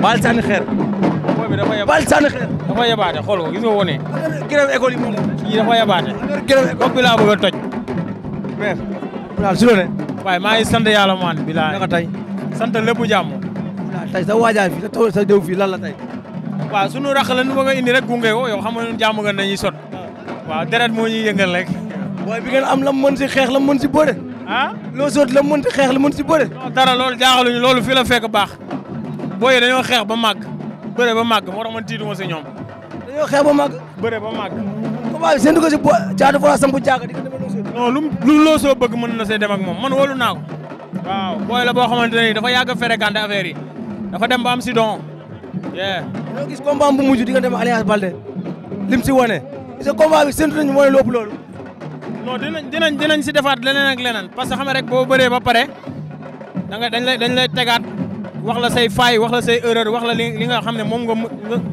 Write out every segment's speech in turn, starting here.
baal sànni xeer. booy bi dafa yebaate baal sànni xeer. dafa yebaate xool ko gis nga wone. grève école yi moom la. kii dafa yebaate. a toj. mais. waaw su ne. waaye maa ngi sant yàlla maan bi laa. naka tey. sant lépp jàmm. sa waajaay fii sa taw sa déw fii lan la tey. waaw sunu rax la nu ma indi rek gunge ko yow xam nga jàmm nga nañuy sot. waaw deret moo ñuy yëngal rek. booy bi ngeen am la mën si xeex la mën si bëre. ah loo sot la mën si xeex la mën si bëre. dara loolu jaaxaluñu loo fii la fekk baax booy yi dañoo xeex ba màgg bëre ba màgg moo tax man tiituma si ñoom. dañoo xeex ba màgg. bëre ba màgg. combat bi séntu ko si bo Thiatou Fora samp jaaga di ko demal loosoo. non lu lu loosoo bëgg mën na see dem ak moom man wóolu naa ko. waaw booy la boo xamante ne dafa yàgg a fréquenté affaire dafa dem ba am si don. dañoo gis combat bu mujj di nga dem Alliance Baldé lim si wane. parce que combat bi séntu nañu wane lépp loolu. non dinañ dinañ dinañ si defaat leneen ak leneen parce que xam rek boo bëree ba pare da dañ lay dañ lay tegaat wax la say faay wax la say erreur wax la li nga xam ne moom nga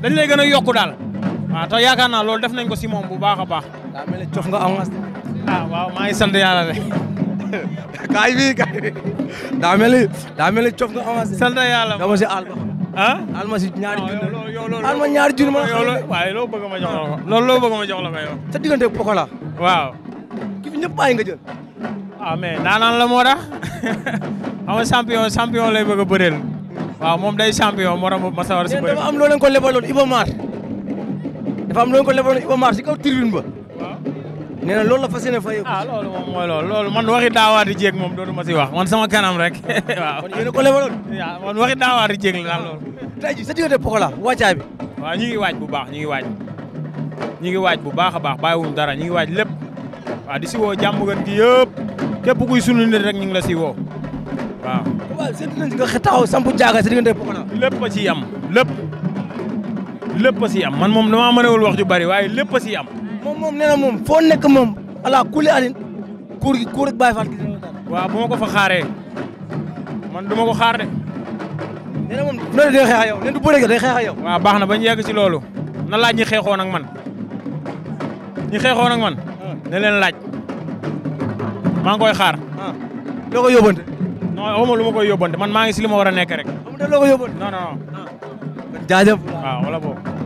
dañ lay gën a yokku daal waaw te yaakaar naa loolu def nañ ko si moom bu baax a baax. daa mel ne cof nga am ah waaw maa ngi sant mel ni daa mel ni cof nga avancé. sant si àll ba. ah àll ma si ñaari junni la yow loolu àll ma ñaari loolu waaye loo ma jox la ko. loolu loo bëgg ma jox la ko waaw. ki fi ñëpp bàyyi nga jël. Ah, mais naanaan la moo tax xam nga champion champion lay a waa moom day champion moo tax ma sawar si bëri dafa am loo leen ko lebaloon ko lebaloon Iba Mar si kaw tribune ba na loolu la fas yéene fayoo. ah loolu moom mooy loolu loolu man waxi daawaati jéeg moom dootuma si wax man sama kanam rek waaw. kon yéen a ko lebaloon. waaw man waxi daawaati la daal loolu. tey jii Pokola bi. waaw ñu ngi waaj bu baax ñu ngi waaj ñu ngi waaj bu baax a baax bàyyiwuñ dara ñu ngi waaj lépp waaw di si woo jàmm gën gi yëpp képp kuy sunu nit rek ñu ngi la si woo waaw waaw seet nañ nga taxaw samp jaaga si diggante Pokola lépp a ci am lépp lépp si ci am man moom damaa mënewul wax ju bari waaye lépp a ci am moom moom nee na nekk moom ala kuli alin kuur gi kuur ak Baye Fall gi waaw bu ma ko fa xaaree man du ma ko xaar de nee na moom noonu day xeex ak du bëre day xeex ak yow waaw baax na bañ yegg ci loolu na laaj ñi xeexoon ak man ñi xeexoon ak man ah. ne laaj maa koy xaar doo ah. ko non awma lu ma koy yóbbante man maa ngi si wara ma war a nekk rek. amul loo ko yóbbante non non. Ah. jaajëf waaw ah, wala boobu.